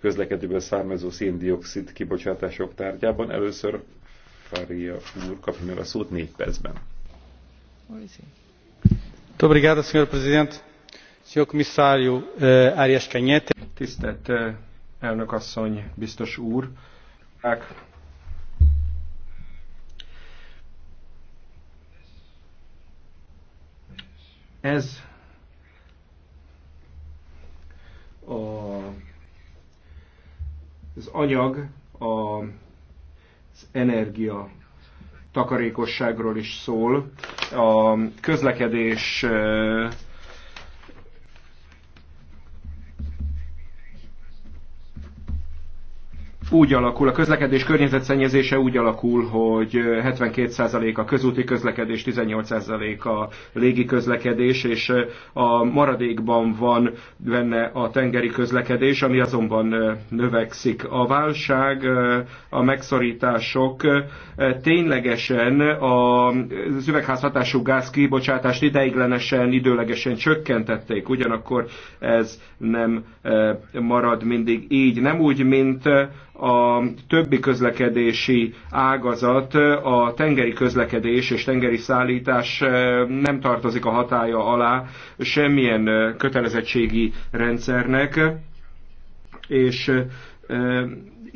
közlekedőből származó széndiokszid kibocsátások tárgyában. Először Faria úr kapja meg a szót négy percben. Obrigado, Sr. Presidente. Sr. Comissário eh, Arias Cañete. Tisztelt eh, elnök asszony, biztos úr. Hát, ez a az anyag a, az energia takarékosságról is szól. A közlekedés úgy alakul, a közlekedés környezetszennyezése úgy alakul, hogy 72% a közúti közlekedés, 18% a légi közlekedés, és a maradékban van benne a tengeri közlekedés, ami azonban növekszik. A válság, a megszorítások ténylegesen a üvegházhatású gáz kibocsátást ideiglenesen, időlegesen csökkentették, ugyanakkor ez nem marad mindig így. Nem úgy, mint a többi közlekedési ágazat, a tengeri közlekedés és tengeri szállítás eh, nem tartozik a hatája alá semmilyen eh, kötelezettségi rendszernek, és eh,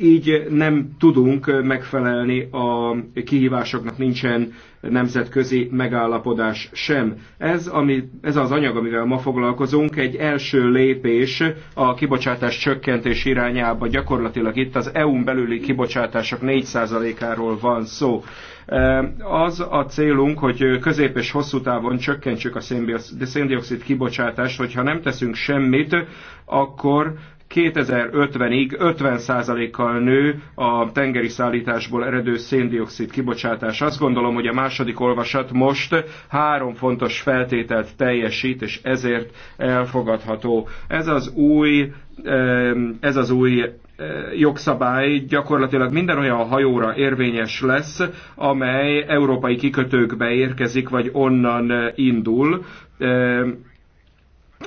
így nem tudunk megfelelni a kihívásoknak, nincsen nemzetközi megállapodás sem. Ez, ami, ez az anyag, amivel ma foglalkozunk, egy első lépés a kibocsátás csökkentés irányába. Gyakorlatilag itt az EU-n belüli kibocsátások 4%-áról van szó. Az a célunk, hogy közép és hosszú távon csökkentsük a széndiokszid kibocsátást, hogyha nem teszünk semmit, akkor 2050-ig 50%-kal nő a tengeri szállításból eredő széndiokszid kibocsátás. Azt gondolom, hogy a második olvasat most három fontos feltételt teljesít, és ezért elfogadható. Ez az új, ez az új jogszabály gyakorlatilag minden olyan hajóra érvényes lesz, amely európai kikötőkbe érkezik, vagy onnan indul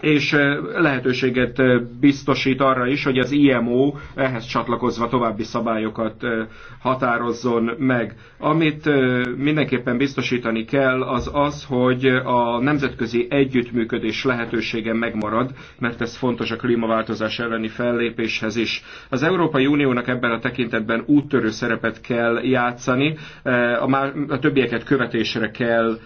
és eh, lehetőséget eh, biztosít arra is, hogy az IMO ehhez csatlakozva további szabályokat eh, határozzon meg. Amit mindenképpen biztosítani kell, az az, hogy a nemzetközi együttműködés lehetősége megmarad, mert ez fontos a klímaváltozás elleni fellépéshez is. Az Európai Uniónak ebben a tekintetben úttörő szerepet kell játszani, a, a többieket követésre kell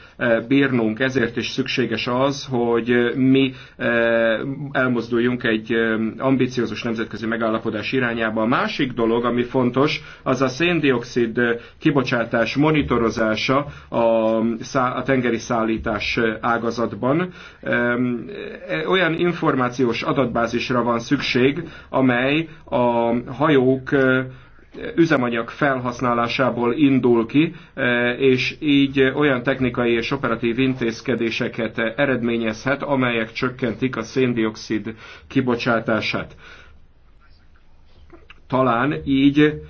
bírnunk, ezért is szükséges az, hogy mi Eh, elmozduljunk egy eh, ambiciózus nemzetközi megállapodás irányába. A másik dolog, ami fontos, az a széndiokszid eh, kibocsátás monitorozása a tengeri szállítás ágazatban. Olyan információs adatbázisra van szükség, amely a hajók üzemanyag felhasználásából indul ki, e, és így olyan technikai és operatív intézkedéseket eredményezhet, amelyek csökkentik a széndiokszid kibocsátását. Talán így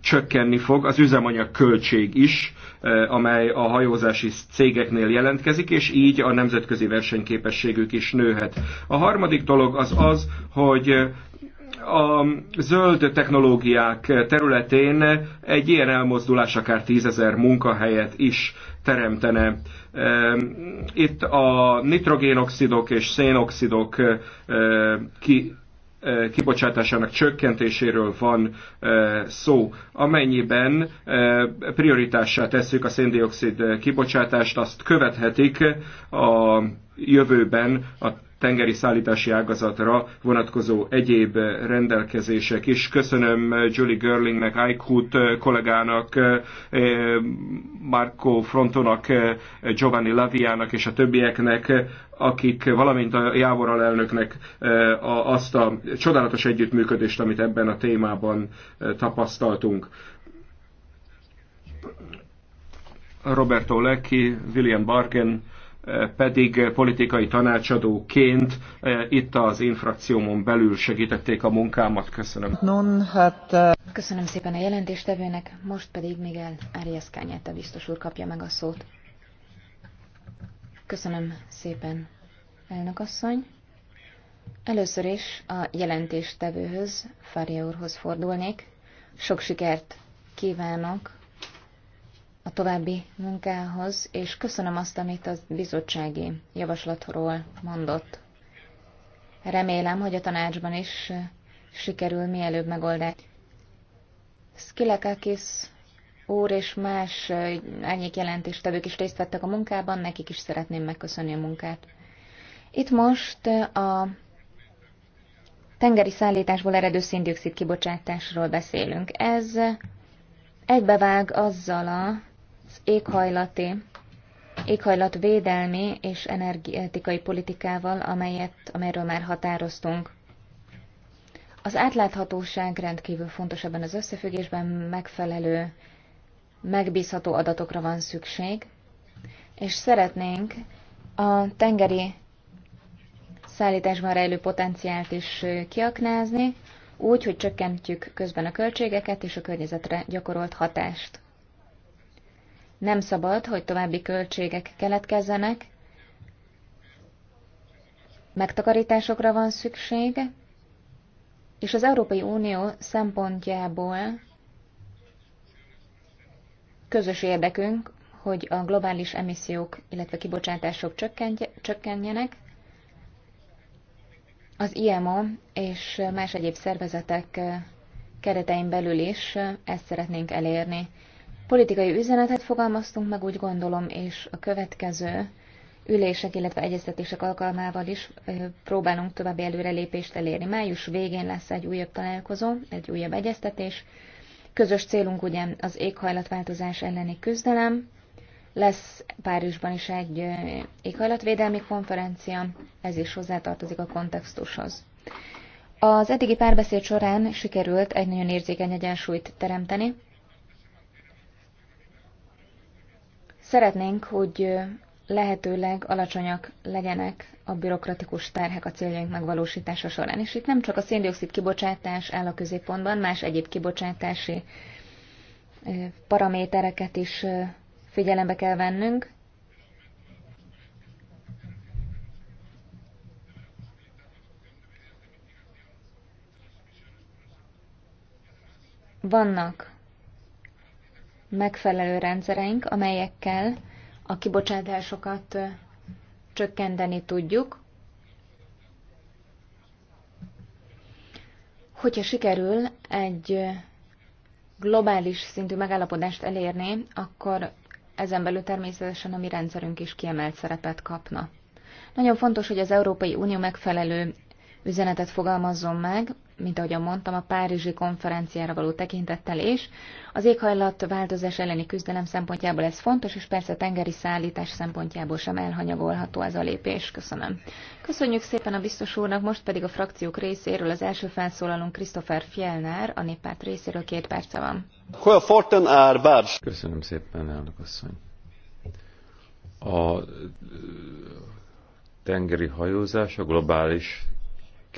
csökkenni fog az üzemanyag költség is, e, amely a hajózási cégeknél jelentkezik, és így a nemzetközi versenyképességük is nőhet. A harmadik dolog az az, hogy a zöld technológiák területén egy ilyen elmozdulás akár tízezer munkahelyet is teremtene. Ehm, itt a nitrogénoxidok és szénoxidok ehm, ki ehm, kibocsátásának csökkentéséről van szó. Amennyiben prioritássá tesszük a széndiokszid kibocsátást, azt követhetik a jövőben a tengeri szállítási ágazatra vonatkozó egyéb rendelkezések is. Köszönöm Julie Görlingnek, Aikut kollégának, eh, Marco Frontonak, eh, Giovanni Laviának és a többieknek, akik, valamint a Jávor alelnöknek eh, azt a csodálatos együttműködést, amit ebben a témában tapasztaltunk. Roberto Lecki, William Barken, pedig politikai tanácsadóként eh, itt az infrakciómon belül segítették a munkámat. Köszönöm. Non, hát, uh... Köszönöm szépen a jelentéstevőnek, most pedig Miguel Arias Kányáta biztos úr kapja meg a szót. Köszönöm szépen, elnök asszony. Először is a jelentéstevőhöz, Fária úrhoz fordulnék. Sok sikert kívánok a további munkához, és köszönöm azt, amit a bizottsági javaslatról mondott. Remélem, hogy a tanácsban is sikerül mielőbb megoldani. Skilakakis úr és más jelentést jelentéstevők is részt vettek a munkában, nekik is szeretném megköszönni a munkát. Itt most a tengeri szállításból eredő széndiokszid kibocsátásról beszélünk. Ez egybevág azzal a éghajlati, éghajlati, éghajlatvédelmi és energetikai politikával, amelyet, amelyről már határoztunk. Az átláthatóság rendkívül fontos ebben az összefüggésben, megfelelő, megbízható adatokra van szükség, és szeretnénk a tengeri szállításban rejlő potenciált is kiaknázni, úgy, hogy csökkentjük közben a költségeket és a környezetre gyakorolt hatást. Nem szabad, hogy további költségek keletkezzenek. Megtakarításokra van szükség, és az Európai Unió szempontjából közös érdekünk, hogy a globális emissziók, illetve kibocsátások csökkenjenek. Az IMO és más egyéb szervezetek keretein belül is ezt szeretnénk elérni. Politikai üzenetet fogalmaztunk meg, úgy gondolom, és a következő ülések, illetve egyeztetések alkalmával is próbálunk további előrelépést elérni. Május végén lesz egy újabb találkozó, egy újabb egyeztetés. Közös célunk ugye az éghajlatváltozás elleni küzdelem, lesz Párizsban is egy éghajlatvédelmi konferencia, ez is hozzátartozik a kontextushoz. Az eddigi párbeszéd során sikerült egy nagyon érzékeny egyensúlyt teremteni, Szeretnénk, hogy lehetőleg alacsonyak legyenek a bürokratikus terhek a céljaink megvalósítása során. És itt nem csak a széndiokszid kibocsátás áll a középpontban, más egyéb kibocsátási paramétereket is figyelembe kell vennünk. Vannak megfelelő rendszereink, amelyekkel a kibocsátásokat csökkenteni tudjuk. Hogyha sikerül egy globális szintű megállapodást elérni, akkor ezen belül természetesen a mi rendszerünk is kiemelt szerepet kapna. Nagyon fontos, hogy az Európai Unió megfelelő üzenetet fogalmazzon meg, mint ahogyan mondtam, a Párizsi konferenciára való tekintettel is. az éghajlatváltozás elleni küzdelem szempontjából ez fontos, és persze tengeri szállítás szempontjából sem elhanyagolható ez a lépés. Köszönöm. Köszönjük szépen a biztos úrnak, most pedig a frakciók részéről az első felszólalunk Christopher Fjellner, a néppárt részéről két perce van. Köszönöm szépen, elnök asszony. A tengeri hajózás a globális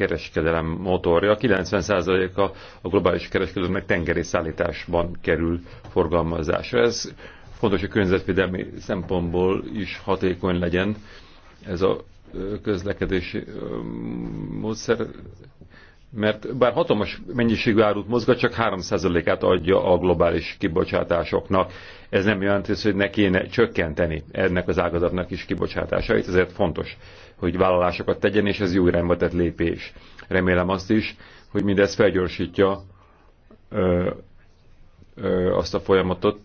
kereskedelem motorja. 90%-a a globális kereskedelemnek tengeri szállításban kerül forgalmazásra. Ez fontos, hogy környezetvédelmi szempontból is hatékony legyen ez a közlekedési módszer, mert bár hatalmas mennyiségű árut mozgat, csak 3%-át adja a globális kibocsátásoknak. Ez nem jelenti, hogy ne kéne csökkenteni ennek az ágazatnak is kibocsátásait, ezért fontos hogy vállalásokat tegyen, és ez jó irányba tett lépés. Remélem azt is, hogy mindez felgyorsítja ö, ö, azt a folyamatot,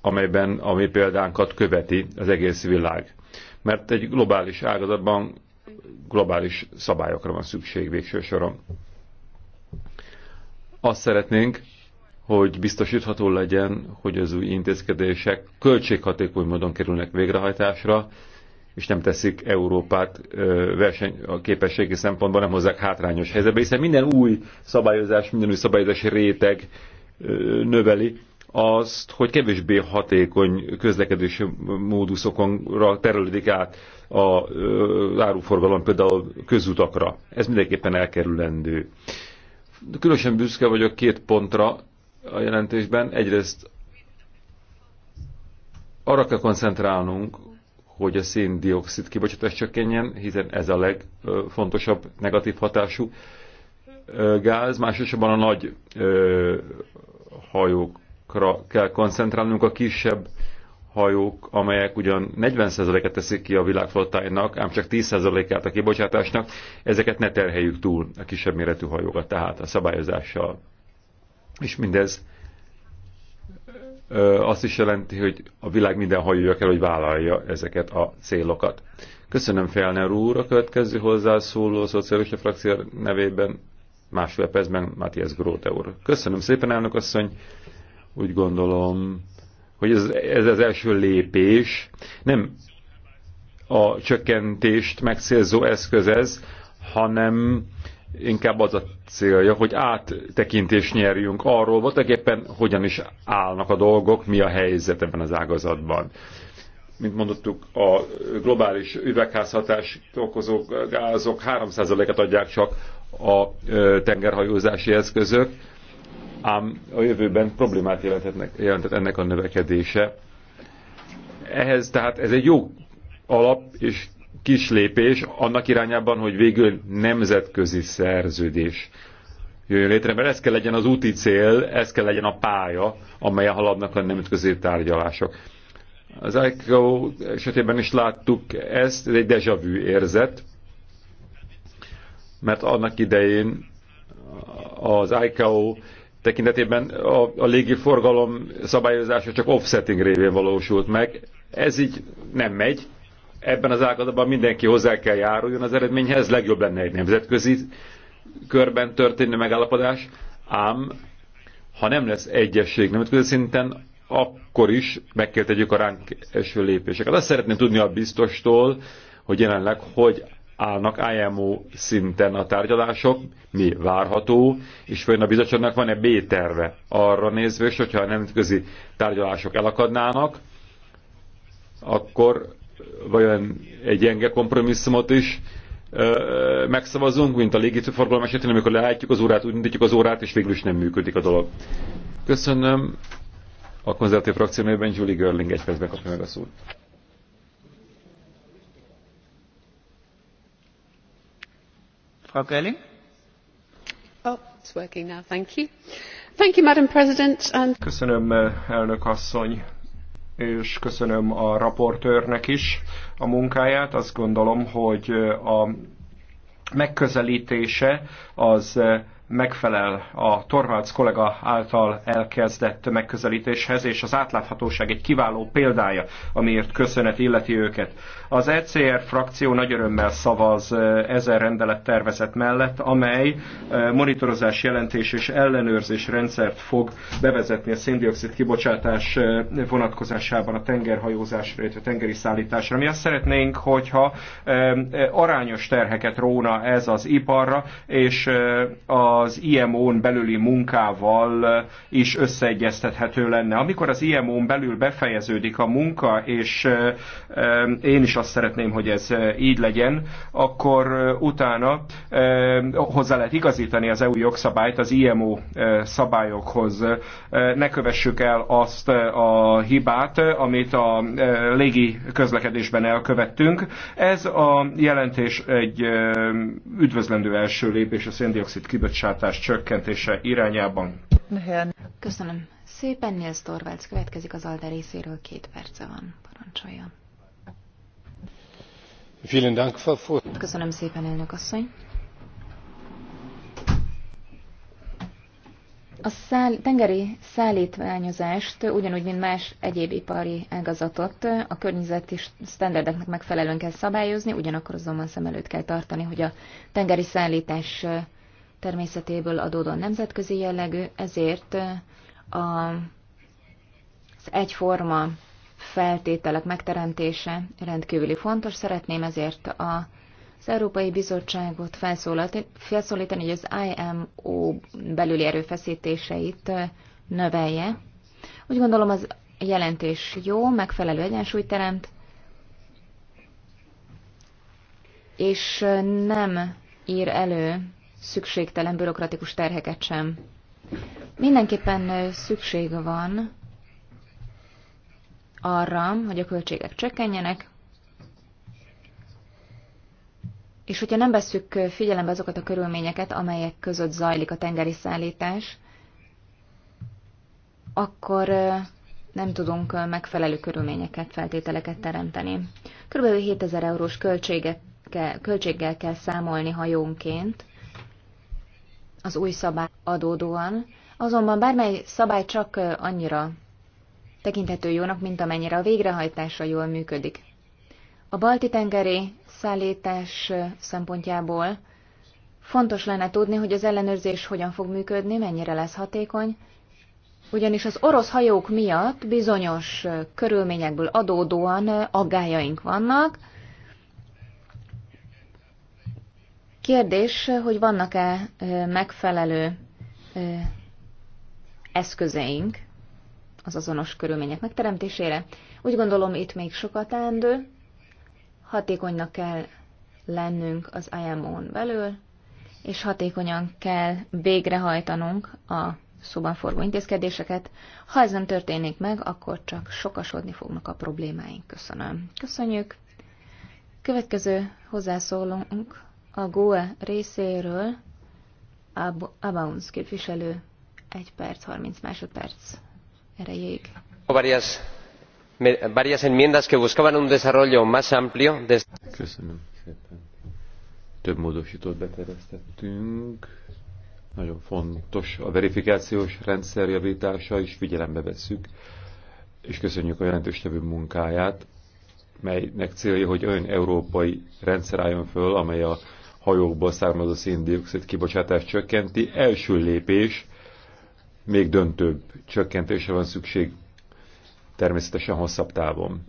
amelyben a mi példánkat követi az egész világ. Mert egy globális ágazatban globális szabályokra van szükség végső soron. Azt szeretnénk, hogy biztosítható legyen, hogy az új intézkedések költséghatékony módon kerülnek végrehajtásra, és nem teszik Európát verseny, a képességi szempontból nem hozzák hátrányos helyzetbe, hiszen minden új szabályozás, minden új szabályozási réteg növeli azt, hogy kevésbé hatékony közlekedési móduszokonra terülődik át a áruforgalom például közutakra. Ez mindenképpen elkerülendő. Különösen büszke vagyok két pontra a jelentésben. Egyrészt arra kell koncentrálnunk, hogy a széndiokszid kibocsátás csökkenjen, hiszen ez a legfontosabb negatív hatású gáz. Másosabban a nagy hajókra kell koncentrálnunk, a kisebb hajók, amelyek ugyan 40%-et teszik ki a világflottájának, ám csak 10%-át a kibocsátásnak, ezeket ne terheljük túl a kisebb méretű hajókat, tehát a szabályozással. És mindez azt is jelenti, hogy a világ minden hajója kell, hogy vállalja ezeket a célokat. Köszönöm Felner úr, a következő hozzászóló a szocialista frakció nevében másfél percben Matthias Gróte úr. Köszönöm szépen, elnök asszony. Úgy gondolom, hogy ez, ez az első lépés. Nem a csökkentést megszélzó eszköz ez, hanem inkább az a célja, hogy áttekintést nyerjünk arról, voltak éppen hogyan is állnak a dolgok, mi a helyzet ebben az ágazatban. Mint mondottuk, a globális üvegházhatás okozó gázok 3%-et adják csak a tengerhajózási eszközök, ám a jövőben problémát jelentett ennek a növekedése. Ehhez tehát ez egy jó alap és kis lépés annak irányában, hogy végül nemzetközi szerződés jöjjön létre, mert ez kell legyen az úti cél, ez kell legyen a pálya, amelyen haladnak a nemzetközi tárgyalások. Az ICO esetében is láttuk ezt, ez egy deja vu érzet, mert annak idején az ICAO tekintetében a, a légi forgalom szabályozása csak offsetting révén valósult meg. Ez így nem megy, ebben az ágazatban mindenki hozzá kell járuljon az eredményhez, legjobb lenne egy nemzetközi körben történő megállapodás, ám ha nem lesz egyesség nemzetközi szinten, akkor is meg kell tegyük a ránk eső lépéseket. Azt szeretném tudni a biztostól, hogy jelenleg hogy állnak IMO szinten a tárgyalások, mi várható, és vajon a bizottságnak van-e B-terve arra nézve, és hogyha a nemzetközi tárgyalások elakadnának, akkor vajon egy gyenge kompromisszumot is megszavazunk, mint a légitőforgalom esetén, amikor leállítjuk az órát, úgy indítjuk az órát, és végül is nem működik a dolog. Köszönöm. A konzervatív frakció nevében Julie Görling egy percben kapja meg a szót. Frau Görling? Oh, it's working now, thank you. Thank you, Madam President. And... Köszönöm, eh, elnök asszony és köszönöm a raportőrnek is a munkáját. Azt gondolom, hogy a megközelítése az megfelel a Torvalds kollega által elkezdett megközelítéshez, és az átláthatóság egy kiváló példája, amiért köszönet illeti őket. Az ECR frakció nagy örömmel szavaz ezer rendelet tervezet mellett, amely monitorozás jelentés és ellenőrzés rendszert fog bevezetni a széndiokszid kibocsátás vonatkozásában a tengerhajózásra, illetve tengeri szállításra. Mi azt szeretnénk, hogyha arányos terheket róna ez az iparra, és a az IMO-n belüli munkával is összeegyeztethető lenne. Amikor az IMO-n belül befejeződik a munka, és én is azt szeretném, hogy ez így legyen, akkor utána hozzá lehet igazítani az EU jogszabályt az IMO szabályokhoz. Ne kövessük el azt a hibát, amit a légi közlekedésben elkövettünk. Ez a jelentés egy üdvözlendő első lépés a széndiokszid kibocsátás kibocsátás csökkentése irányában. Köszönöm. Szépen Nils Torvalds következik az Alde részéről, két perce van. Parancsoljon. Köszönöm szépen, elnök asszony. A száll, tengeri szállítványozást, ugyanúgy, mint más egyéb ipari ágazatot, a környezeti sztenderdeknek megfelelően kell szabályozni, ugyanakkor azonban szem előtt kell tartani, hogy a tengeri szállítás természetéből adódó nemzetközi jellegű, ezért a, az egyforma feltételek megteremtése rendkívüli fontos. Szeretném ezért a, az Európai Bizottságot felszólítani, hogy az IMO belüli erőfeszítéseit növelje. Úgy gondolom az jelentés jó, megfelelő egyensúlyt teremt, és nem ír elő szükségtelen bürokratikus terheket sem. Mindenképpen szükség van arra, hogy a költségek csökkenjenek, és hogyha nem vesszük figyelembe azokat a körülményeket, amelyek között zajlik a tengeri szállítás, akkor nem tudunk megfelelő körülményeket, feltételeket teremteni. Körülbelül 7000 eurós költséggel kell számolni hajónként, az új szabály adódóan, azonban bármely szabály csak annyira tekinthető jónak, mint amennyire a végrehajtása jól működik. A balti-tengeri szállítás szempontjából fontos lenne tudni, hogy az ellenőrzés hogyan fog működni, mennyire lesz hatékony, ugyanis az orosz hajók miatt bizonyos körülményekből adódóan aggájaink vannak, Kérdés, hogy vannak-e megfelelő eszközeink az azonos körülmények megteremtésére. Úgy gondolom, itt még sokat teendő, hatékonynak kell lennünk az IMO-n belül, és hatékonyan kell végrehajtanunk a szóban forgó intézkedéseket. Ha ez nem történik meg, akkor csak sokasodni fognak a problémáink. Köszönöm. Köszönjük. Következő hozzászólónk a GOE részéről Ab Abounds képviselő 1 perc 30 másodperc erejéig. Varias, varias enmiendas que buscaban un desarrollo más amplio. De... Köszönöm szépen. Több módosítót beteresztettünk. Nagyon fontos a verifikációs rendszer javítása, is figyelembe vesszük. És köszönjük a jelentős tevő munkáját, melynek célja, hogy olyan európai rendszer álljon föl, amely a hajókból származó széndiokszid kibocsátást csökkenti. Első lépés, még döntőbb csökkentésre van szükség természetesen hosszabb távon.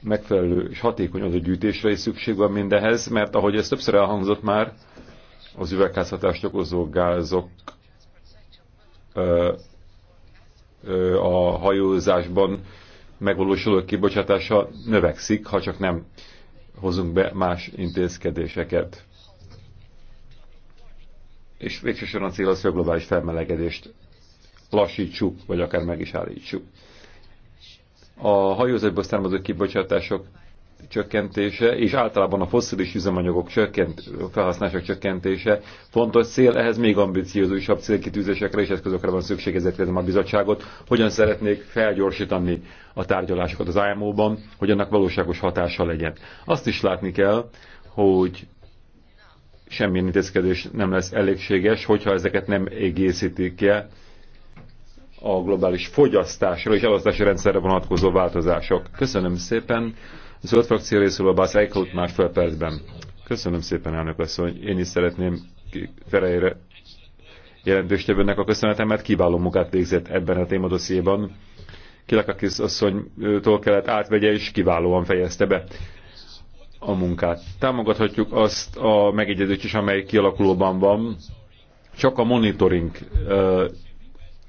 Megfelelő és hatékony gyűjtésre is szükség van mindehez, mert ahogy ez többször elhangzott már, az üvegházhatást okozó gázok ö, ö, a hajózásban megvalósuló kibocsátása növekszik, ha csak nem hozunk be más intézkedéseket. És végsősorban a cél az, hogy a globális felmelegedést lassítsuk, vagy akár meg is állítsuk. A hajózatból származó kibocsátások csökkentése és általában a fosszilis üzemanyagok csökkent, felhasználása csökkentése fontos cél, ehhez még ambiciózusabb célkitűzésekre és eszközökre van szükség, ezért kérdezem a bizottságot, hogyan szeretnék felgyorsítani a tárgyalásokat az IMO-ban, hogy annak valóságos hatása legyen. Azt is látni kell, hogy semmilyen intézkedés nem lesz elégséges, hogyha ezeket nem egészítik el a globális fogyasztásra és elosztási rendszerre vonatkozó változások. Köszönöm szépen! zöld frakció részéről Bász már fel percben. Köszönöm szépen, elnök asszony. Én is szeretném Ferejére jelentős a köszönetemet. Kiváló munkát végzett ebben a témadosszéban. Kilakakis asszonytól kellett átvegye, és kiválóan fejezte be a munkát. Támogathatjuk azt a megegyezést is, amely kialakulóban van. Csak a monitoring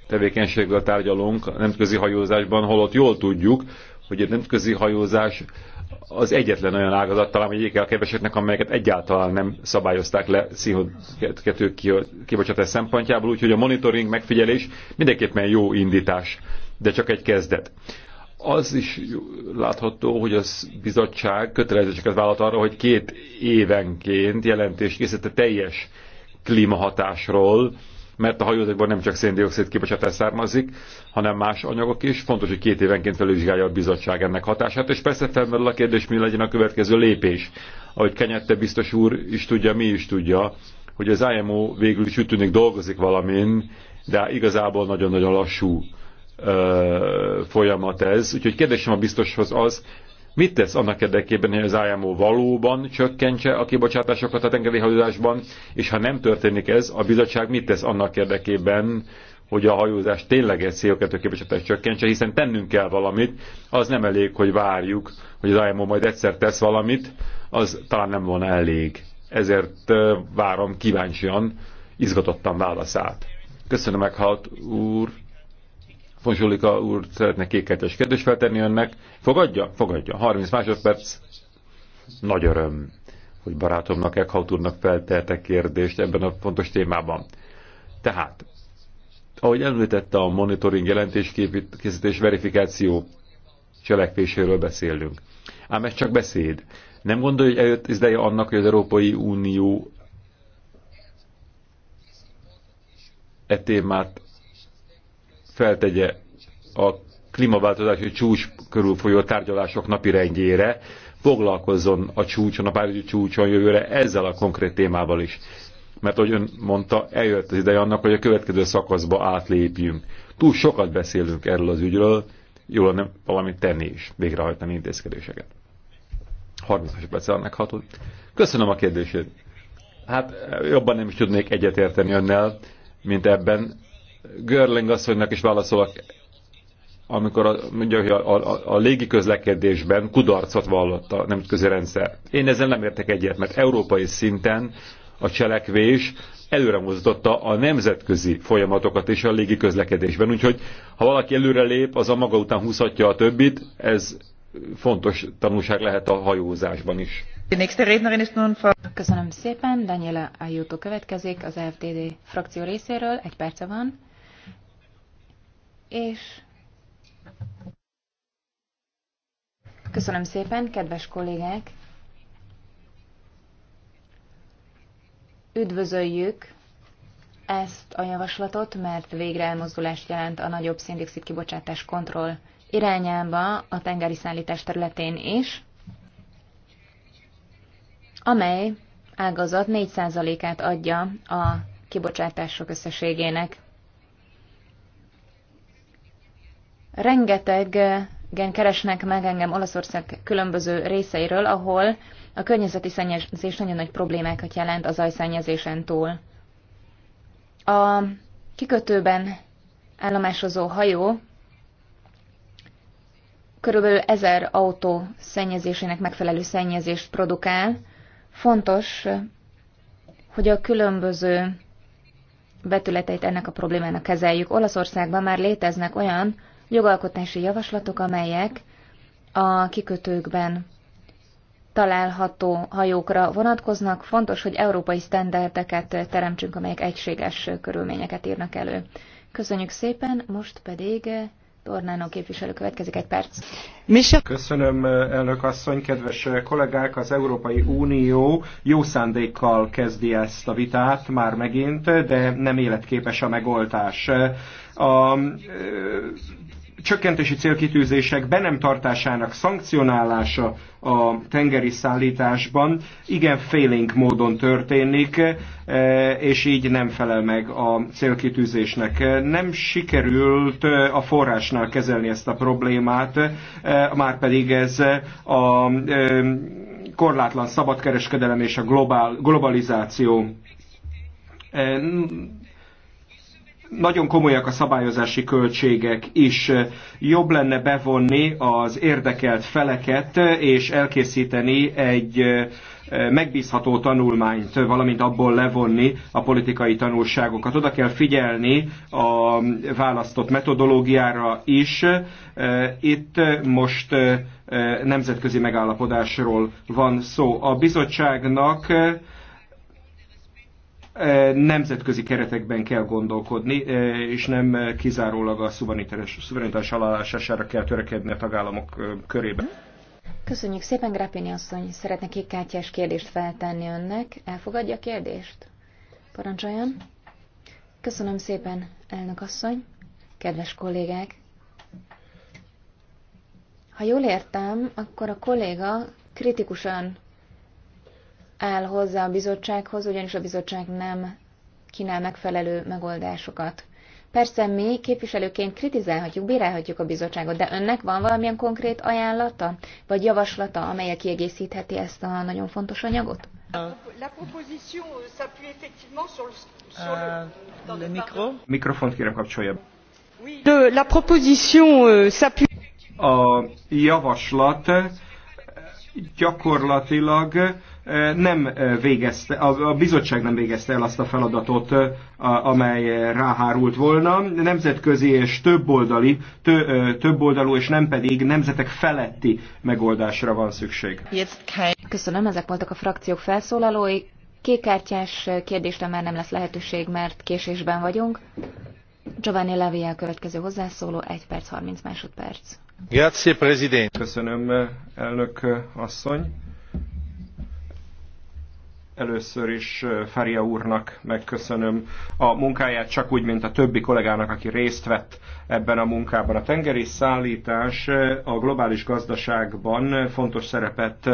tevékenységgel tárgyalunk a nemzetközi hajózásban, holott jól tudjuk, hogy a nemzetközi hajózás az egyetlen olyan ágazat, talán egyik a keveseknek, amelyeket egyáltalán nem szabályozták le co kibocsátás szempontjából, úgyhogy a monitoring megfigyelés mindenképpen jó indítás, de csak egy kezdet. Az is látható, hogy az bizottság kötelezettséget vállalt arra, hogy két évenként jelentést készít a teljes klímahatásról, mert a hajózatban nem csak széndiokszid kibocsátás származik, hanem más anyagok is. Fontos, hogy két évenként felvizsgálja a bizottság ennek hatását, és persze felmerül a kérdés, mi legyen a következő lépés. Ahogy Kenyette biztos úr is tudja, mi is tudja, hogy az IMO végül is úgy tűnik dolgozik valamin, de igazából nagyon-nagyon lassú ö, folyamat ez. Úgyhogy kérdésem a biztoshoz az, mit tesz annak érdekében, hogy az IMO valóban csökkentse a kibocsátásokat a tengeri hajózásban, és ha nem történik ez, a bizottság mit tesz annak érdekében, hogy a hajózás tényleg egy CO2 kibocsátás csökkentse, hiszen tennünk kell valamit, az nem elég, hogy várjuk, hogy az IMO majd egyszer tesz valamit, az talán nem volna elég. Ezért várom kíváncsian, izgatottan válaszát. Köszönöm meghalt úr! Pozsulika úr szeretne kékhetes kérdést feltenni önnek. Fogadja? Fogadja. 30 másodperc. Nagy öröm, hogy barátomnak, Eckhout úrnak feltehetek kérdést ebben a fontos témában. Tehát, ahogy említette a monitoring és verifikáció cselekvéséről beszélünk. Ám ez csak beszéd. Nem gondolja, hogy eljött ideje annak, hogy az Európai Unió e témát feltegye a klímaváltozási csúcs körül folyó tárgyalások rendjére, foglalkozzon a csúcson, a párizsi csúcson jövőre ezzel a konkrét témával is. Mert ahogy ön mondta, eljött az ideje annak, hogy a következő szakaszba átlépjünk. Túl sokat beszélünk erről az ügyről, jól nem valamit tenni is, végrehajtani intézkedéseket. 30-as perc annak hatott. Köszönöm a kérdését. Hát jobban nem is tudnék egyetérteni önnel, mint ebben. Görling asszonynak is válaszolok, amikor a, hogy a, a, a légi közlekedésben kudarcot vallott a nemzetközi rendszer. Én ezzel nem értek egyet, mert európai szinten a cselekvés előre mozdította a nemzetközi folyamatokat és a légi közlekedésben. Úgyhogy ha valaki előre lép, az a maga után húzhatja a többit, ez fontos tanulság lehet a hajózásban is. Köszönöm szépen, Daniela Ajuto következik az FDD frakció részéről, egy perce van és köszönöm szépen, kedves kollégák! Üdvözöljük ezt a javaslatot, mert végre elmozdulást jelent a nagyobb széndiokszid kibocsátás kontroll irányába a tengeri szállítás területén is, amely ágazat 4%-át adja a kibocsátások összességének. Rengetegen keresnek meg engem Olaszország különböző részeiről, ahol a környezeti szennyezés nagyon nagy problémákat jelent az ajszennyezésen túl. A kikötőben állomásozó hajó körülbelül ezer autó szennyezésének megfelelő szennyezést produkál. Fontos, hogy a különböző vetületeit ennek a problémának kezeljük. Olaszországban már léteznek olyan jogalkotási javaslatok, amelyek a kikötőkben található hajókra vonatkoznak. Fontos, hogy európai sztenderdeket teremtsünk, amelyek egységes körülményeket írnak elő. Köszönjük szépen, most pedig Tornánó képviselő következik egy perc. Köszönöm, elnök asszony, kedves kollégák! Az Európai Unió jó szándékkal kezdi ezt a vitát már megint, de nem életképes a megoldás. A csökkentési célkitűzések be nem tartásának szankcionálása a tengeri szállításban igen félénk módon történik, e, és így nem felel meg a célkitűzésnek. Nem sikerült e, a forrásnál kezelni ezt a problémát, e, már pedig ez a korlátlan szabadkereskedelem és a globál, globalizáció nagyon komolyak a szabályozási költségek is. Jobb lenne bevonni az érdekelt feleket és elkészíteni egy megbízható tanulmányt, valamint abból levonni a politikai tanulságokat. Oda kell figyelni a választott metodológiára is. Itt most nemzetközi megállapodásról van szó. A bizottságnak nemzetközi keretekben kell gondolkodni, és nem kizárólag a szuverenitás alálásására kell törekedni a tagállamok körében. Köszönjük szépen, Grappini asszony. egy kártyás kérdést feltenni önnek. Elfogadja a kérdést? Parancsoljon. Köszönöm szépen, elnök asszony. Kedves kollégák. Ha jól értem, akkor a kolléga kritikusan áll hozzá a bizottsághoz, ugyanis a bizottság nem kínál megfelelő megoldásokat. Persze mi képviselőként kritizálhatjuk, bírálhatjuk a bizottságot, de önnek van valamilyen konkrét ajánlata, vagy javaslata, amely kiegészítheti ezt a nagyon fontos anyagot? Euh, euh, Mikrofont kérem kapcsolja. Euh, a javaslat gyakorlatilag nem végezte, a, bizottság nem végezte el azt a feladatot, amely ráhárult volna. Nemzetközi és többoldali, tö, többoldalú és nem pedig nemzetek feletti megoldásra van szükség. Köszönöm, ezek voltak a frakciók felszólalói. Kékkártyás kérdésre már nem lesz lehetőség, mert késésben vagyunk. Giovanni Levia a következő hozzászóló, 1 perc 30 másodperc. Grazie, Köszönöm, elnök asszony Először is Feria úrnak megköszönöm a munkáját, csak úgy, mint a többi kollégának, aki részt vett ebben a munkában. A tengeri szállítás a globális gazdaságban fontos szerepet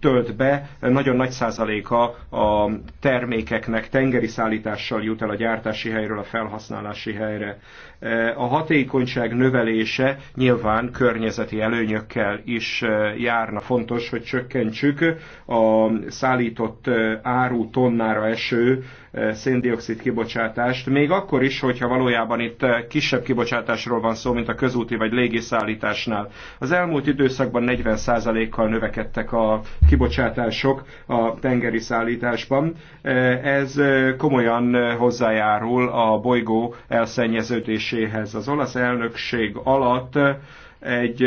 tölt be, nagyon nagy százaléka a termékeknek tengeri szállítással jut el a gyártási helyről a felhasználási helyre. A hatékonyság növelése nyilván környezeti előnyökkel is járna. Fontos, hogy csökkentsük a szállított áru tonnára eső széndiokszid kibocsátást, még akkor is, hogyha valójában itt kisebb kibocsátásról van szó, mint a közúti vagy légiszállításnál. Az elmúlt időszakban 40%-kal növekedett növekedtek a kibocsátások a tengeri szállításban. Ez komolyan hozzájárul a bolygó elszennyeződéséhez. Az olasz elnökség alatt egy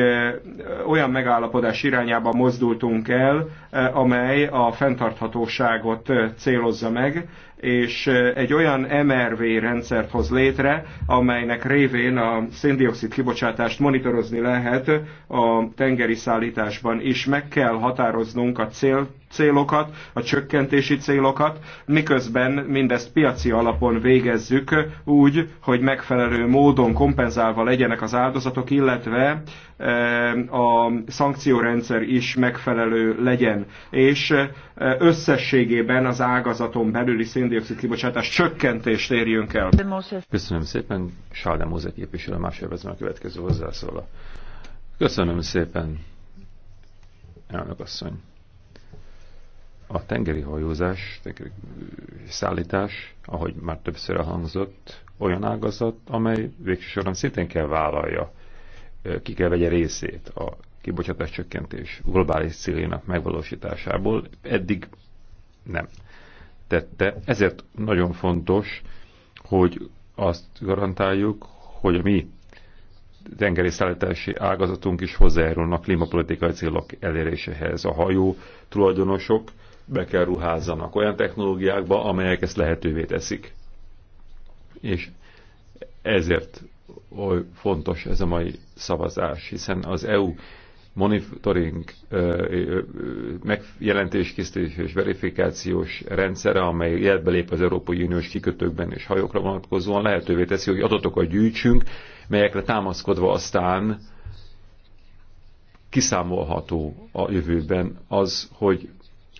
olyan megállapodás irányába mozdultunk el, amely a fenntarthatóságot célozza meg, és egy olyan MRV rendszert hoz létre, amelynek révén a széndiokszid kibocsátást monitorozni lehet a tengeri szállításban is. Meg kell határoznunk a cél célokat, a csökkentési célokat, miközben mindezt piaci alapon végezzük úgy, hogy megfelelő módon kompenzálva legyenek az áldozatok, illetve e, a szankciórendszer is megfelelő legyen, és e, összességében az ágazaton belüli széndiokszid kibocsátás csökkentést érjünk el. Köszönöm szépen, Sálde Mózek képviselő más a következő hozzászóló. Köszönöm szépen, elnök asszony. A tengeri hajózás, tengeri szállítás, ahogy már többször elhangzott, olyan ágazat, amely végső soron szintén kell vállalja, ki kell vegye részét a kibocsátás csökkentés globális célének megvalósításából. Eddig nem tette. Ezért nagyon fontos, hogy azt garantáljuk, hogy a mi tengeri szállítási ágazatunk is hozzájárulnak klímapolitikai célok eléréséhez. A hajó tulajdonosok be kell ruházzanak olyan technológiákba, amelyek ezt lehetővé teszik. És ezért oly fontos ez a mai szavazás, hiszen az EU monitoring, megjelentéskészítés és verifikációs rendszere, amely jelbe lép az Európai Uniós kikötőkben és hajókra vonatkozóan, lehetővé teszi, hogy adatokat gyűjtsünk, melyekre támaszkodva aztán kiszámolható a jövőben az, hogy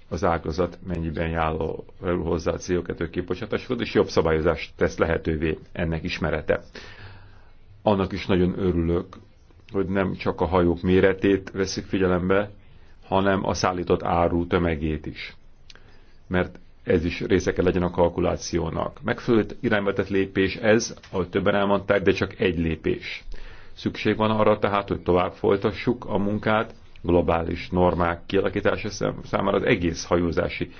az ágazat mennyiben járó hozzá a CO2 kibocsátáshoz, és jobb szabályozást tesz lehetővé ennek ismerete. Annak is nagyon örülök, hogy nem csak a hajók méretét veszik figyelembe, hanem a szállított áru tömegét is. Mert ez is része kell legyen a kalkulációnak. Megfelelő irányvetett lépés ez, ahogy többen elmondták, de csak egy lépés. Szükség van arra tehát, hogy tovább folytassuk a munkát, globális normák kialakítása számára az egész hajózási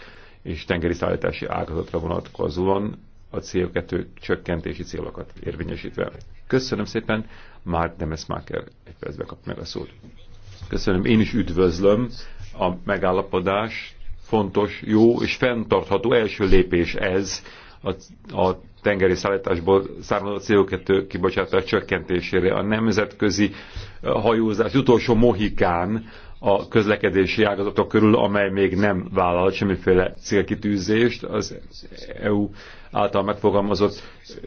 és tengeri szállítási ágazatra vonatkozóan a CO2 csökkentési célokat érvényesítve. Köszönöm szépen, Mark Demesmaker egy percbe kap meg a szót. Köszönöm, én is üdvözlöm a megállapodás, fontos, jó és fenntartható első lépés ez a, a tengeri szállításból származó CO2 kibocsátás csökkentésére. A nemzetközi hajózás utolsó mohikán a közlekedési ágazatok körül, amely még nem vállal semmiféle célkitűzést az EU által megfogalmazott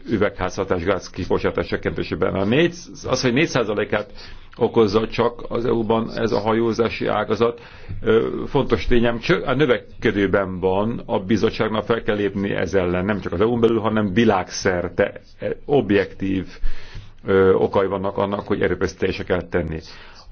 üvegházhatás gáz kibocsátás csökkentésében. A négy, az, hogy 4%-át okozza csak az EU-ban ez a hajózási ágazat, fontos tényem, a növekedőben van, a bizottságnak fel kell lépni ez ellen, nem csak az EU-n belül, hanem világszerte e, objektív okai vannak annak, hogy erőfeszítéseket kell tenni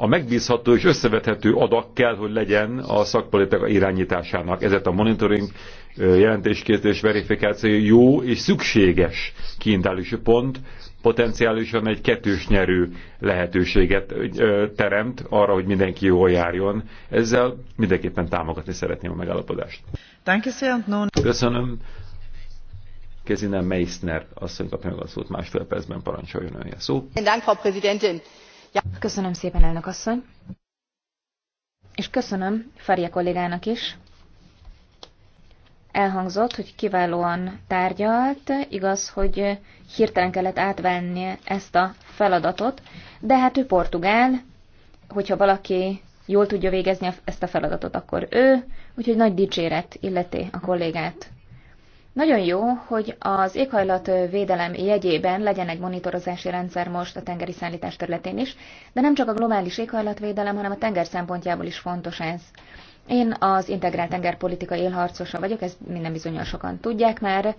a megbízható és összevethető adat kell, hogy legyen a szakpolitika irányításának. Ezért a monitoring jelentéskészítés verifikáció jó és szükséges kiindulási pont, potenciálisan egy kettős nyerő lehetőséget teremt arra, hogy mindenki jól járjon. Ezzel mindenképpen támogatni szeretném a megállapodást. Köszönöm. Kezinem Meissner azt mondja, hogy a szót másfél percben parancsoljon önje szó. Köszönöm szépen, elnök asszony. És köszönöm Faria kollégának is. Elhangzott, hogy kiválóan tárgyalt, igaz, hogy hirtelen kellett átvenni ezt a feladatot, de hát ő portugál, hogyha valaki jól tudja végezni ezt a feladatot, akkor ő, úgyhogy nagy dicséret illeti a kollégát. Nagyon jó, hogy az éghajlatvédelem jegyében legyen egy monitorozási rendszer most a tengeri szállítás területén is, de nem csak a globális éghajlatvédelem, hanem a tenger szempontjából is fontos ez. Én az integrált tengerpolitika élharcosa vagyok, ezt minden bizonyos sokan tudják már.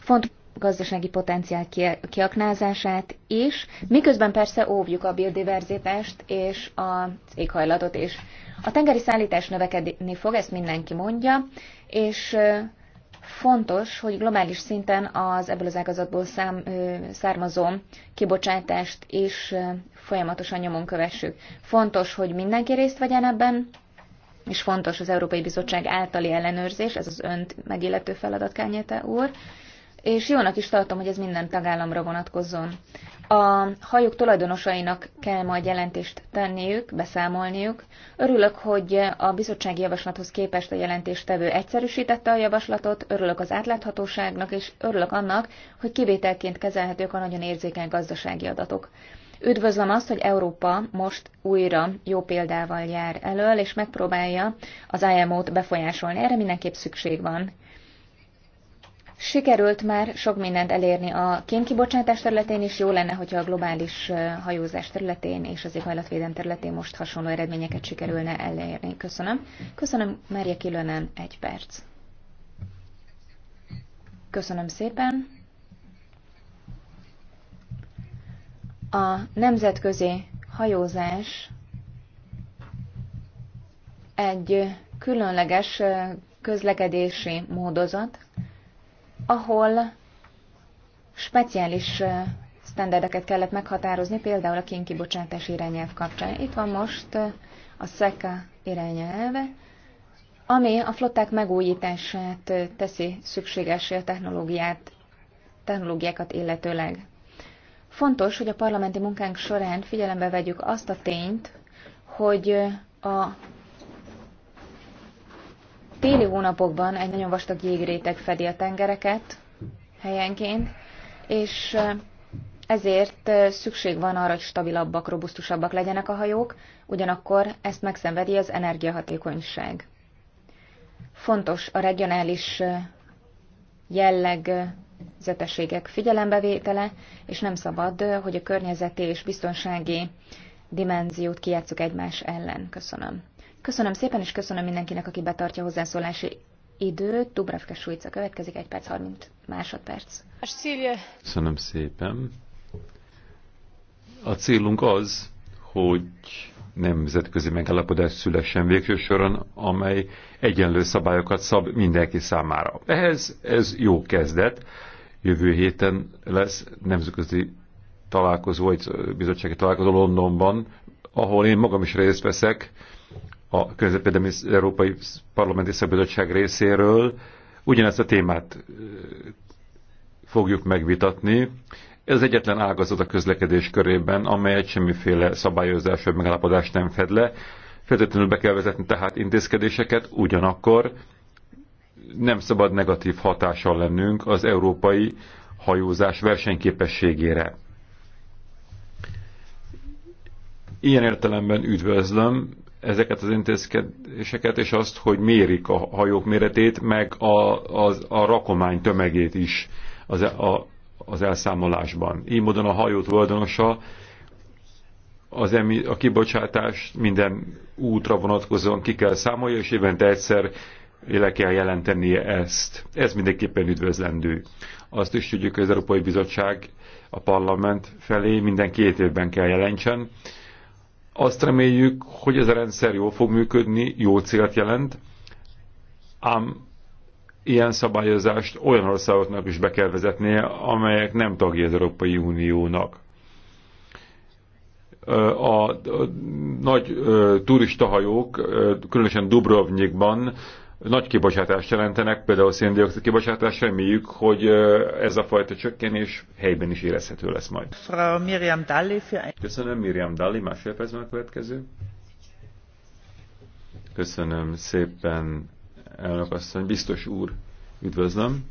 Fontos gazdasági potenciál kiaknázását is, miközben persze óvjuk a biodiverzitást és az éghajlatot is. A tengeri szállítás növekedni fog, ezt mindenki mondja, és Fontos, hogy globális szinten az ebből az ágazatból szám, ö, származó kibocsátást is ö, folyamatosan nyomon kövessük. Fontos, hogy mindenki részt vegyen ebben, és fontos az Európai Bizottság általi ellenőrzés, ez az önt megillető feladat, Kányéte úr, és jónak is tartom, hogy ez minden tagállamra vonatkozzon. A hajók tulajdonosainak kell majd jelentést tenniük, beszámolniuk. Örülök, hogy a bizottsági javaslathoz képest a jelentéstevő egyszerűsítette a javaslatot, örülök az átláthatóságnak, és örülök annak, hogy kivételként kezelhetők a nagyon érzékeny gazdasági adatok. Üdvözlöm azt, hogy Európa most újra jó példával jár elől, és megpróbálja az IMO-t befolyásolni. Erre mindenképp szükség van. Sikerült már sok mindent elérni a kénkibocsátás területén is, jó lenne, hogyha a globális hajózás területén és az éghajlatvédelem területén most hasonló eredményeket sikerülne elérni. Köszönöm. Köszönöm, Merje Kilönen, egy perc. Köszönöm szépen. A nemzetközi hajózás egy különleges közlekedési módozat, ahol speciális standardeket kellett meghatározni, például a kénkibocsátás irányelv kapcsán. Itt van most a SECA irányelve, ami a flották megújítását teszi szükségesé a technológiát, technológiákat illetőleg. Fontos, hogy a parlamenti munkánk során figyelembe vegyük azt a tényt, hogy a téli hónapokban egy nagyon vastag jégréteg fedi a tengereket helyenként, és eh, ezért eh, szükség van arra, hogy stabilabbak, robusztusabbak legyenek a hajók, ugyanakkor ezt megszenvedi az energiahatékonyság. Fontos a regionális eh, jellegzetességek figyelembevétele, és nem szabad, hogy a környezeti és biztonsági dimenziót kijátszuk egymás ellen. Köszönöm. Köszönöm szépen, és köszönöm mindenkinek, aki betartja hozzászólási időt. Dubravka Suica következik, 1 perc 30 másodperc. Köszönöm szépen. A célunk az, hogy nemzetközi megállapodás szülessen végső soron, amely egyenlő szabályokat szab mindenki számára. Ehhez ez jó kezdet. Jövő héten lesz nemzetközi találkozó, egy bizottsági találkozó Londonban, ahol én magam is részt veszek, a közepedemi Európai Parlamenti Szabadság részéről. Ugyanezt a témát fogjuk megvitatni. Ez egyetlen ágazat a közlekedés körében, amelyet semmiféle szabályozás vagy megállapodás nem fed le. Feltétlenül be kell vezetni tehát intézkedéseket, ugyanakkor nem szabad negatív hatással lennünk az európai hajózás versenyképességére. Ilyen értelemben üdvözlöm ezeket az intézkedéseket, és azt, hogy mérik a hajók méretét, meg a, az, a rakomány tömegét is az, e, a, az elszámolásban. Így módon a hajó tulajdonosa az emi, a kibocsátást minden útra vonatkozóan ki kell számolja, és évente egyszer le kell jelentenie ezt. Ez mindenképpen üdvözlendő. Azt is tudjuk, hogy az Európai Bizottság a parlament felé minden két évben kell jelentsen, azt reméljük, hogy ez a rendszer jól fog működni, jó célt jelent, ám ilyen szabályozást olyan országoknak is be kell vezetnie, amelyek nem tagja az Európai Uniónak. A nagy turistahajók, különösen Dubrovnikban nagy kibocsátást jelentenek, például széndiokszid kibocsátás, reméljük, hogy ez a fajta csökkenés helyben is érezhető lesz majd. Frau Miriam Dalli für... Köszönöm, Miriam Dalli, másfél percben a következő. Köszönöm szépen, elnök asszony, biztos úr, üdvözlöm.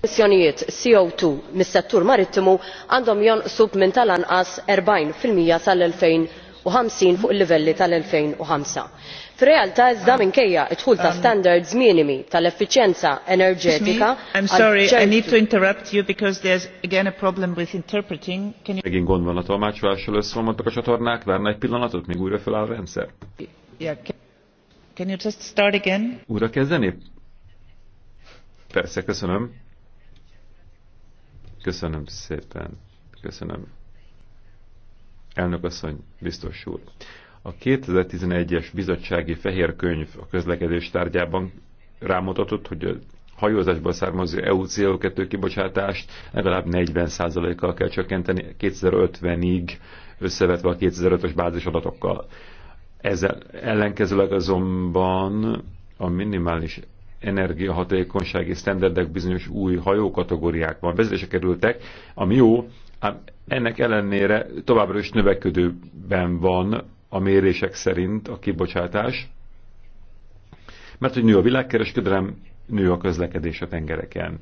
Emisszionijiet CO2 Missa tur marittimu għandhom submentalan as tal-anqas 40% sal u ħamsin fuq il-livelli tal-2005. F'realtà iżda minkejja d-dħul ta' um, standards minimi tal-effiċjenza enerġetika. I'm sorry, I need to interrupt you because there's again a problem with interpreting. Can you... Megint gond van a tolmácsolással összeomlottak a csatornák, várna egy pillanatot, még újra feláll a rendszer. Yeah, can you just start again? Újra kezdeni? Persze, köszönöm. Köszönöm szépen. Köszönöm. Elnök asszony, biztos úr. A 2011-es bizottsági fehér könyv a közlekedés tárgyában rámutatott, hogy a hajózásból származó EU CO2 kibocsátást legalább 40%-kal kell csökkenteni 2050-ig összevetve a 2005-ös adatokkal. Ezzel ellenkezőleg azonban a minimális energiahatékonysági sztenderdek bizonyos új hajókategóriákban vezetése kerültek, ami jó, Ám hát ennek ellenére továbbra is növekedőben van a mérések szerint a kibocsátás, mert hogy nő a világkereskedelem, nő a közlekedés a tengereken.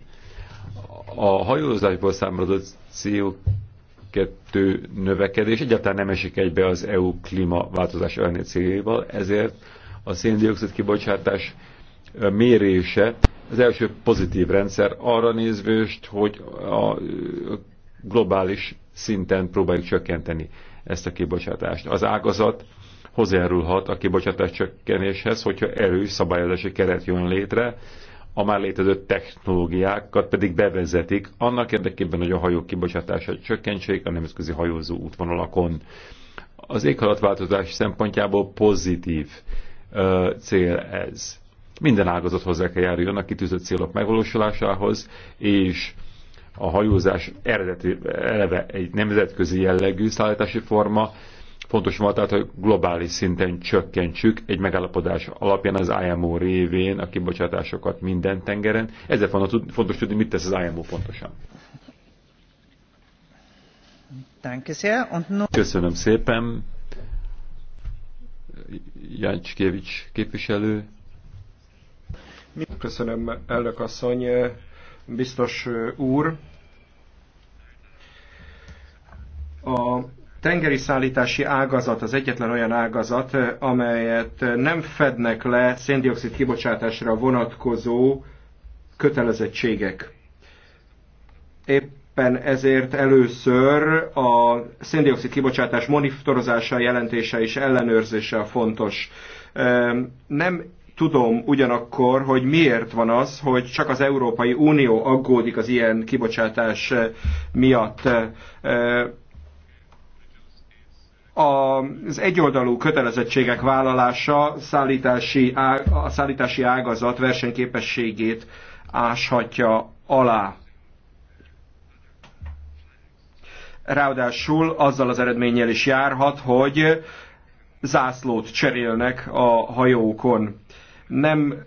A hajózásból származott CO2 növekedés egyáltalán nem esik egybe az EU klímaváltozás elleni céljával, ezért a széndiokszid kibocsátás mérése az első pozitív rendszer arra nézvést, hogy a globális szinten próbáljuk csökkenteni ezt a kibocsátást. Az ágazat hozzájárulhat a kibocsátás csökkenéshez, hogyha erős szabályozási keret jön létre, a már létező technológiákat pedig bevezetik, annak érdekében, hogy a hajók kibocsátását csökkentsék a nemzetközi hajózó útvonalakon. Az éghajlatváltozás szempontjából pozitív ö, cél ez. Minden ágazat hozzá kell járuljon a kitűzött célok megvalósulásához, és a hajózás eredeti, eleve egy nemzetközi jellegű szállítási forma, fontos volt tehát, hogy globális szinten csökkentsük egy megállapodás alapján az IMO révén a kibocsátásokat minden tengeren. Ezzel fontos tudni, mit tesz az IMO pontosan. Köszönöm szépen. Jáncskiewicz képviselő. Köszönöm, elnök asszony biztos úr. A tengeri szállítási ágazat az egyetlen olyan ágazat, amelyet nem fednek le széndiokszid kibocsátásra vonatkozó kötelezettségek. Éppen ezért először a széndiokszid kibocsátás monitorozása, jelentése és ellenőrzése fontos. Nem tudom ugyanakkor, hogy miért van az, hogy csak az Európai Unió aggódik az ilyen kibocsátás eh, miatt. Eh, az egyoldalú kötelezettségek vállalása szállítási, a szállítási ágazat versenyképességét áshatja alá. Ráadásul azzal az eredménnyel is járhat, hogy zászlót cserélnek a hajókon nem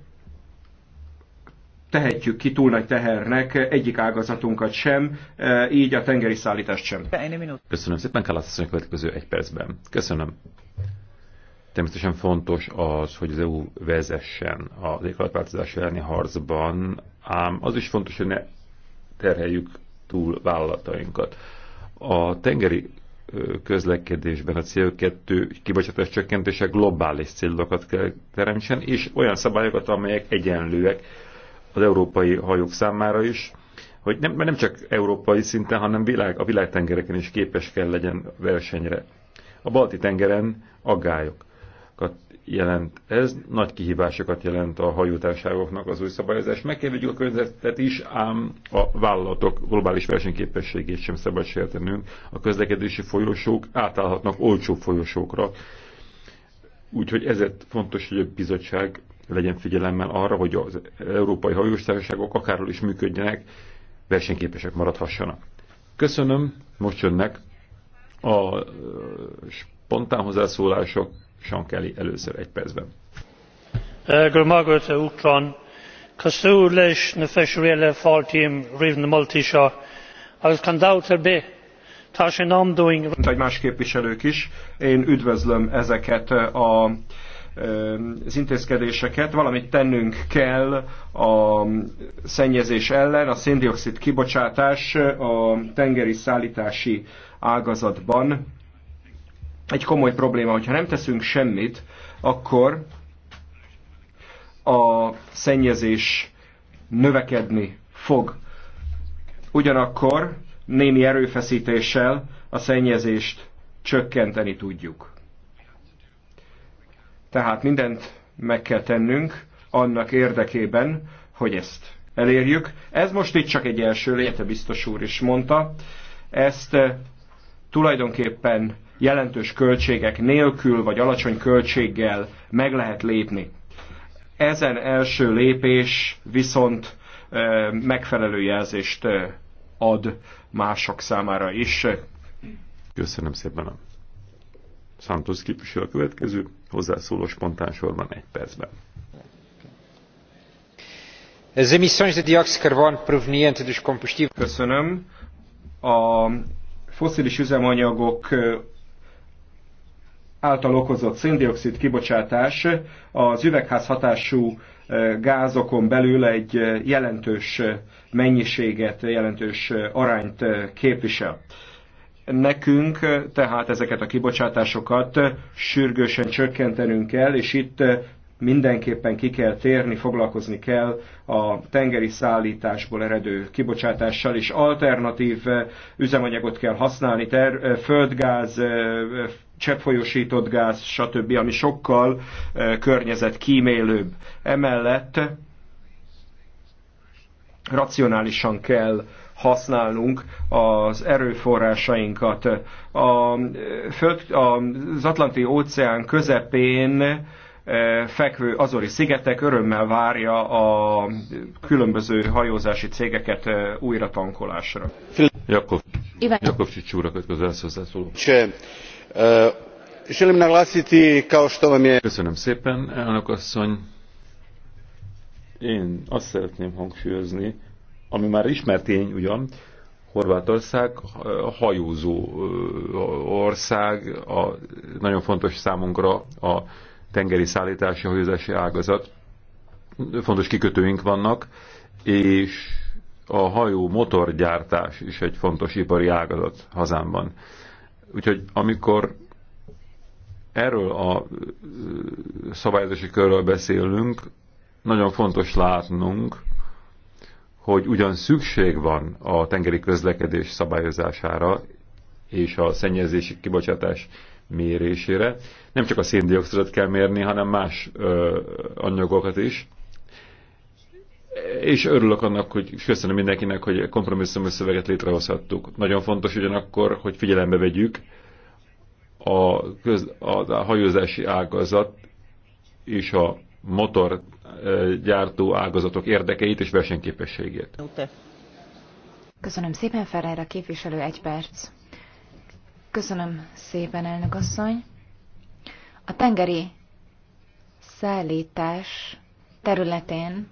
tehetjük ki túl nagy tehernek egyik ágazatunkat sem, e, így a tengeri szállítást sem. Köszönöm szépen, Kállász a következő egy percben. Köszönöm. Természetesen fontos az, hogy az EU vezessen az éghajlatváltozás elleni harcban, ám az is fontos, hogy ne terheljük túl vállalatainkat. A tengeri közlekedésben a CO2 kibocsátás csökkentése globális célokat kell teremtsen, és olyan szabályokat, amelyek egyenlőek az európai hajók számára is, hogy nem, mert nem csak európai szinten, hanem világ, a világtengereken is képes kell legyen versenyre. A balti tengeren aggályok jelent ez, nagy kihívásokat jelent a hajótárságoknak az új szabályozás. Meg a környezetet is, ám a vállalatok globális versenyképességét sem szabad sértenünk. A közlekedési folyosók átállhatnak olcsó folyosókra. Úgyhogy ezért fontos, hogy a bizottság legyen figyelemmel arra, hogy az európai hajóstársaságok akárhol is működjenek, versenyképesek maradhassanak. Köszönöm, most jönnek a spontán hozzászólások Sean Kelly először egy percben. Eh, eh, Cosú leis na feisiúile fáiltíim riomh na moltaoiseach, agus mint egy más képviselők is, én üdvözlöm ezeket eh, a, az intézkedéseket. Valamit tennünk kell a szennyezés ellen, a széndiokszid kibocsátás a tengeri szállítási ágazatban egy komoly probléma, hogyha nem teszünk semmit, akkor a szennyezés növekedni fog. Ugyanakkor némi erőfeszítéssel a szennyezést csökkenteni tudjuk. Tehát mindent meg kell tennünk annak érdekében, hogy ezt elérjük. Ez most itt csak egy első léte, biztos úr is mondta. Ezt tulajdonképpen jelentős költségek nélkül vagy alacsony költséggel meg lehet lépni. Ezen első lépés viszont megfelelő jelzést ad mások számára is. Köszönöm szépen a Santos képviselő a következő hozzászóló spontán sorban egy percben. Az emissões de dióxido de dos combustíveis. Köszönöm. A foszilis üzemanyagok által okozott széndiokszid kibocsátás az üvegházhatású e, gázokon belül egy e, jelentős e, mennyiséget, jelentős arányt képvisel. Nekünk tehát ezeket a kibocsátásokat sürgősen csökkentenünk kell, és itt mindenképpen ki kell térni, foglalkozni kell a tengeri szállításból eredő kibocsátással, és alternatív üzemanyagot kell használni, ter, földgáz, cseppfolyósított gáz, stb., ami sokkal eh, környezetkímélőbb. Emellett racionálisan kell használnunk az erőforrásainkat. A eh, föld, az Atlanti óceán közepén eh, fekvő Azori szigetek örömmel várja a különböző hajózási cégeket újra tankolásra. Jakov, Jakov Csicsúra következő hozzászóló. E, želim naglasiti kao što vam je. köszönöm szépen elnök asszony én azt szeretném hangsúlyozni ami már ismert tény ugyan Horvátország hajózó ország, a, nagyon fontos számunkra a tengeri szállítási, hajózási ágazat. Fontos kikötőink vannak, és a hajó motorgyártás is egy fontos ipari ágazat hazámban. Úgyhogy amikor erről a szabályozási körről beszélünk, nagyon fontos látnunk, hogy ugyan szükség van a tengeri közlekedés szabályozására és a szennyezési kibocsátás mérésére. Nem csak a széndiokszidot kell mérni, hanem más ö, anyagokat is és örülök annak, hogy köszönöm mindenkinek, hogy kompromisszumos szöveget létrehozhattuk. Nagyon fontos ugyanakkor, hogy figyelembe vegyük a, köz, a, a hajózási ágazat és a motorgyártó e, ágazatok érdekeit és versenyképességét. Köszönöm szépen, a képviselő, egy perc. Köszönöm szépen, elnök asszony. A tengeri szállítás területén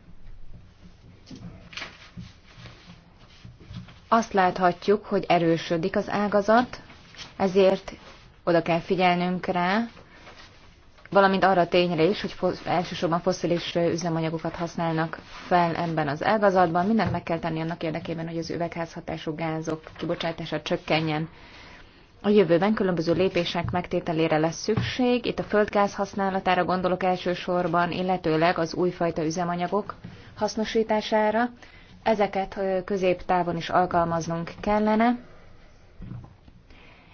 azt láthatjuk, hogy erősödik az ágazat, ezért oda kell figyelnünk rá, valamint arra tényre is, hogy elsősorban foszilis üzemanyagokat használnak fel ebben az ágazatban. Mindent meg kell tenni annak érdekében, hogy az üvegházhatású gázok kibocsátása csökkenjen. A jövőben különböző lépések megtételére lesz szükség, itt a földgáz használatára gondolok elsősorban, illetőleg az újfajta üzemanyagok hasznosítására. Ezeket középtávon is alkalmaznunk kellene,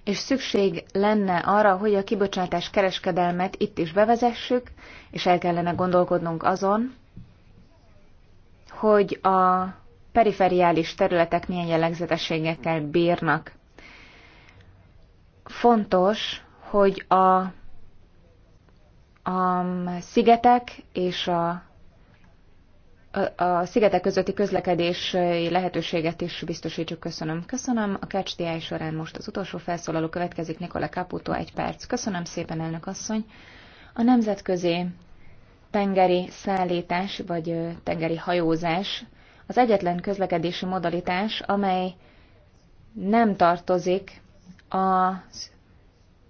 és szükség lenne arra, hogy a kibocsátás kereskedelmet itt is bevezessük, és el kellene gondolkodnunk azon, hogy a periferiális területek milyen jellegzetességekkel bírnak. Fontos, hogy a, a szigetek és a a szigetek közötti közlekedési lehetőséget is biztosítsuk. Köszönöm. Köszönöm. A KCDI során most az utolsó felszólaló következik, Nikola Caputo, egy perc. Köszönöm szépen, elnök asszony. A nemzetközi tengeri szállítás vagy tengeri hajózás az egyetlen közlekedési modalitás, amely nem tartozik az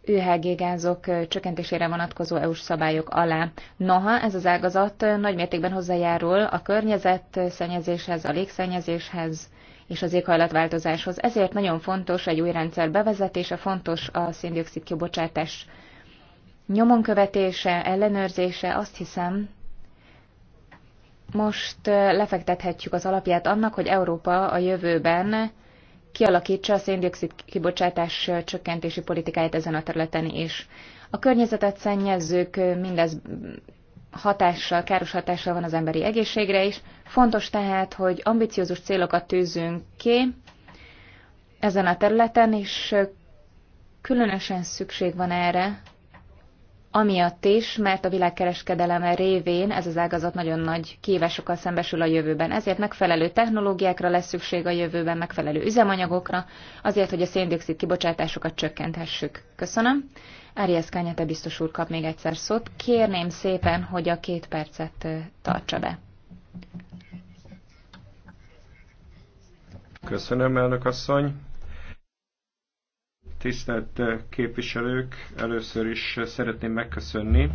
ÜHG gázok csökkentésére vonatkozó EU-s szabályok alá. Noha ez az ágazat nagymértékben hozzájárul a környezet szennyezéshez, a légszennyezéshez és az éghajlatváltozáshoz. Ezért nagyon fontos egy új rendszer bevezetése, fontos a széndiokszid kibocsátás nyomon követése, ellenőrzése. Azt hiszem, most lefektethetjük az alapját annak, hogy Európa a jövőben kialakítsa a széndiokszid kibocsátás csökkentési politikáját ezen a területen is. A környezetet szennyezők mindez hatással, káros hatással van az emberi egészségre is. Fontos tehát, hogy ambiciózus célokat tűzünk ki ezen a területen, és különösen szükség van erre amiatt is, mert a világkereskedeleme révén ez az ágazat nagyon nagy kívásokkal szembesül a jövőben. Ezért megfelelő technológiákra lesz szükség a jövőben, megfelelő üzemanyagokra, azért, hogy a széndiokszid kibocsátásokat csökkenthessük. Köszönöm. Áriász Kányete biztos úr kap még egyszer szót. Kérném szépen, hogy a két percet tartsa be. Köszönöm, elnök asszony. Tisztelt eh, képviselők, először is eh, szeretném megköszönni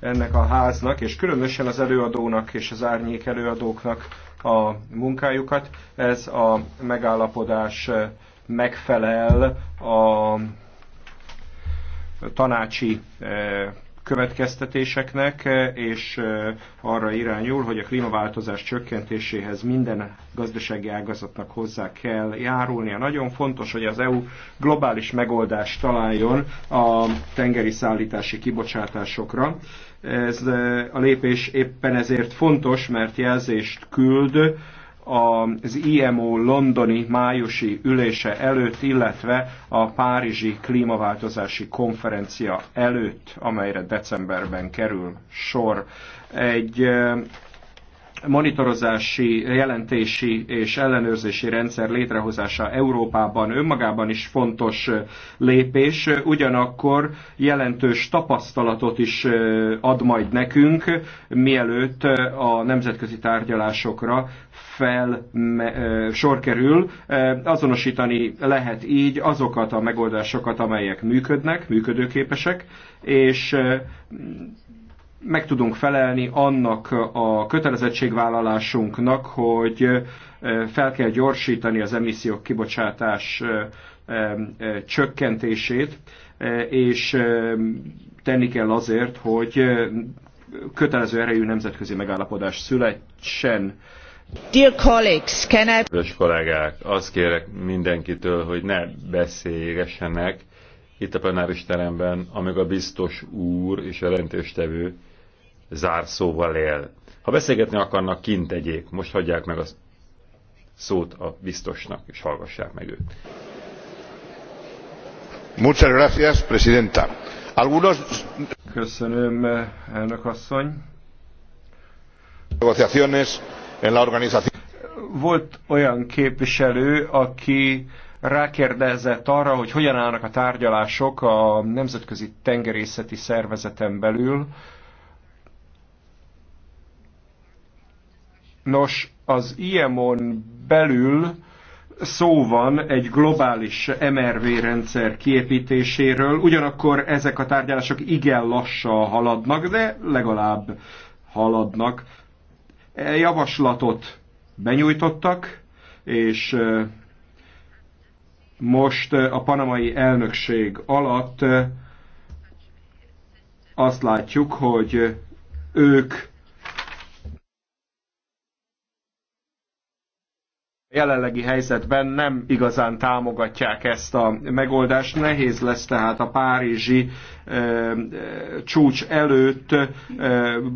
ennek a háznak, és különösen az előadónak és az árnyék előadóknak a munkájukat. Ez a megállapodás eh, megfelel a tanácsi következtetéseknek, eh, és eh, arra irányul, hogy a klímaváltozás csökkentéséhez minden gazdasági ágazatnak hozzá kell járulnia. Nagyon fontos, hogy az EU globális megoldást találjon a tengeri szállítási kibocsátásokra. Ez eh, a lépés éppen ezért fontos, mert jelzést küld az IMO londoni májusi ülése előtt, illetve a Párizsi klímaváltozási konferencia előtt, amelyre decemberben kerül sor. Egy monitorozási, jelentési és ellenőrzési rendszer létrehozása Európában önmagában is fontos lépés, ugyanakkor jelentős tapasztalatot is ad majd nekünk, mielőtt a nemzetközi tárgyalásokra fel sor kerül. Azonosítani lehet így azokat a megoldásokat, amelyek működnek, működőképesek, és meg tudunk felelni annak a kötelezettségvállalásunknak, hogy fel kell gyorsítani az emissziók kibocsátás csökkentését, és tenni kell azért, hogy kötelező erejű nemzetközi megállapodás születsen. Dear colleagues, can I... Kedves kollégák, azt kérek mindenkitől, hogy ne beszélgessenek itt a plenáris teremben, amíg a biztos úr és jelentéstevő zárszóval él. Ha beszélgetni akarnak, kint egyék. Most hagyják meg a szót a biztosnak, és hallgassák meg őt. Muchas gracias, presidenta. Algunos... Köszönöm, elnök asszony. Negociaciones en la organización. Volt olyan képviselő, aki rákérdezett arra, hogy hogyan állnak a tárgyalások a Nemzetközi Tengerészeti Szervezeten belül, Nos, az IEMON belül szó van egy globális MRV rendszer kiépítéséről, ugyanakkor ezek a tárgyalások igen lassan haladnak, de legalább haladnak. E, javaslatot benyújtottak, és e, most e, a panamai elnökség alatt azt látjuk, hogy ők jelenlegi helyzetben nem igazán támogatják ezt a megoldást. Nehéz lesz tehát a párizsi csúcs előtt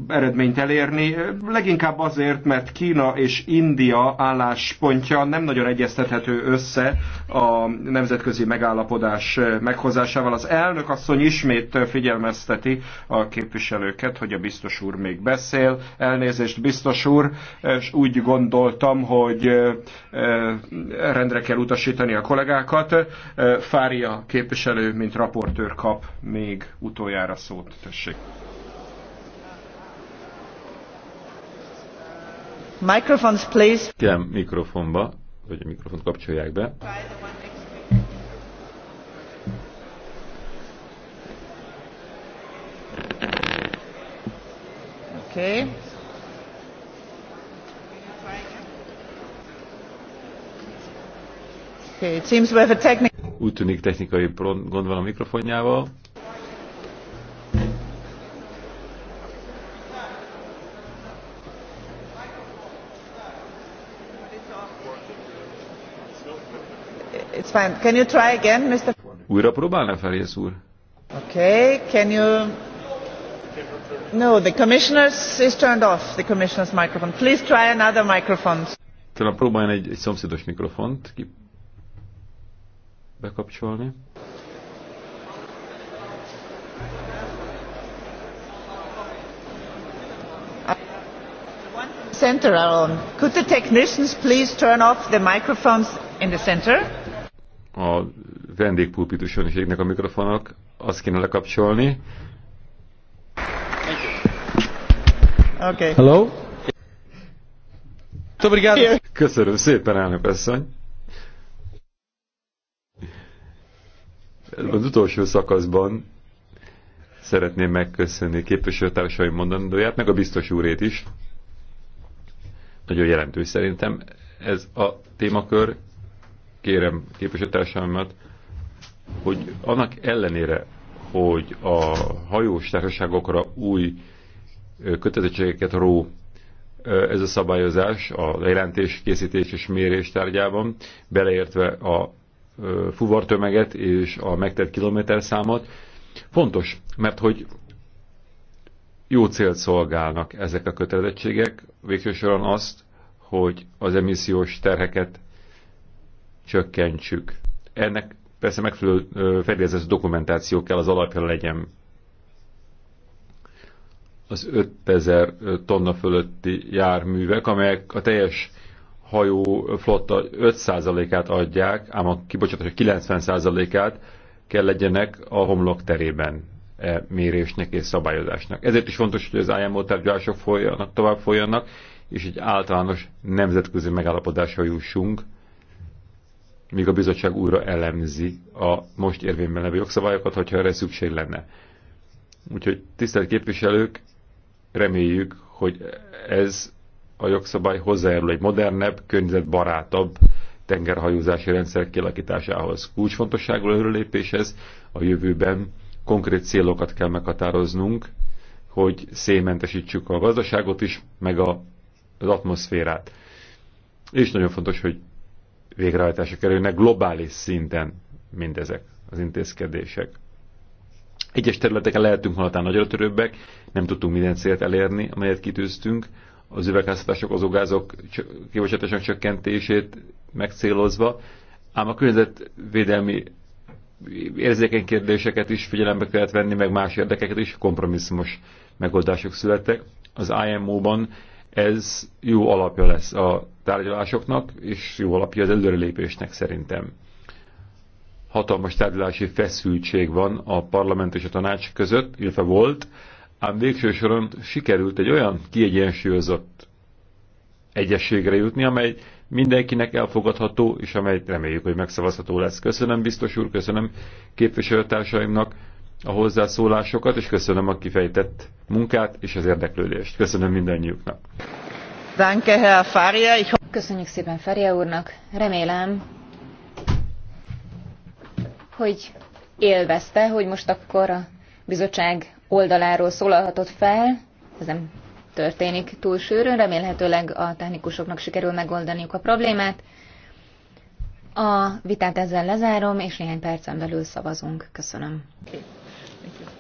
eredményt elérni, leginkább azért, mert Kína és India álláspontja nem nagyon egyeztethető össze a nemzetközi megállapodás meghozásával. Az elnök asszony ismét figyelmezteti a képviselőket, hogy a biztos úr még beszél. Elnézést, biztos úr, és úgy gondoltam, hogy rendre kell utasítani a kollégákat. Fária képviselő, mint raportőr kap még még utoljára szót, tessék. Microphones, please. Kérem mikrofonba, vagy a mikrofont kapcsolják be. Okay. Okay, it seems we have a technical úgy tűnik technikai gond van a mikrofonjával. Újra próbálná Ferész úr? Okay, can you... No, the commissioner's is turned off, the commissioner's microphone. Please try another microphone. Talán próbáljon egy, egy szomszédos mikrofont ki... bekapcsolni. center are on. Could the technicians please turn off the microphones in the center? a vendégpulpitus is égnek a mikrofonok, azt kéne lekapcsolni. Okay. Hello? Köszönöm szépen, elnök asszony. Az utolsó szakaszban szeretném megköszönni képviselőtársaim mondandóját, meg a biztos úrét is. Nagyon jelentős szerintem ez a témakör, kérem képviselőtársamat, hogy annak ellenére, hogy a hajós társaságokra új kötelezettségeket ró ez a szabályozás a jelentés készítés és mérés tárgyában, beleértve a fuvartömeget és a megtett kilométerszámot. Fontos, mert hogy jó célt szolgálnak ezek a kötelezettségek, végsősorban azt, hogy az emissziós terheket csökkentsük. Ennek persze megfelelő fedélzett dokumentáció kell az alapja legyen. Az 5000 tonna fölötti járművek, amelyek a teljes hajó flotta 5%-át adják, ám a kibocsátás 90%-át kell legyenek a homlok terében e mérésnek és szabályozásnak. Ezért is fontos, hogy az IMO tárgyalások folyanak, tovább folyanak, és egy általános nemzetközi megállapodásra jussunk, míg a bizottság újra elemzi a most érvényben levő jogszabályokat, hogyha erre szükség lenne. Úgyhogy tisztelt képviselők, reméljük, hogy ez a jogszabály hozzájárul egy modernebb, környezetbarátabb tengerhajózási rendszer kialakításához. Kulcsfontosságú előrelépéshez a jövőben konkrét célokat kell meghatároznunk, hogy szémentesítsük a gazdaságot is, meg a, az atmoszférát. És nagyon fontos, hogy végrehajtásra kerülnek globális szinten mindezek az intézkedések. Egyes területeken lehetünk halatán nagyra törőbbek, nem tudtunk minden célt elérni, amelyet kitűztünk, az üvegházhatások, az ogázok kibocsátásának csökkentését megcélozva, ám a környezetvédelmi érzékeny kérdéseket is figyelembe kellett venni, meg más érdekeket is, kompromisszumos megoldások születtek. Az IMO-ban ez jó alapja lesz a tárgyalásoknak, és jó alapja az előrelépésnek szerintem. Hatalmas tárgyalási feszültség van a parlament és a tanács között, illetve volt, ám végső soron sikerült egy olyan kiegyensúlyozott egyességre jutni, amely mindenkinek elfogadható, és amely reméljük, hogy megszavazható lesz. Köszönöm biztos úr, köszönöm képviselőtársaimnak a hozzászólásokat, és köszönöm a kifejtett munkát és az érdeklődést. Köszönöm mindannyiuknak. Köszönjük szépen Faria úrnak. Remélem, hogy élvezte, hogy most akkor a bizottság oldaláról szólalhatott fel. Ez nem történik túl sűrűn, remélhetőleg a technikusoknak sikerül megoldaniuk a problémát. A vitát ezzel lezárom, és néhány percen belül szavazunk. Köszönöm. Okay.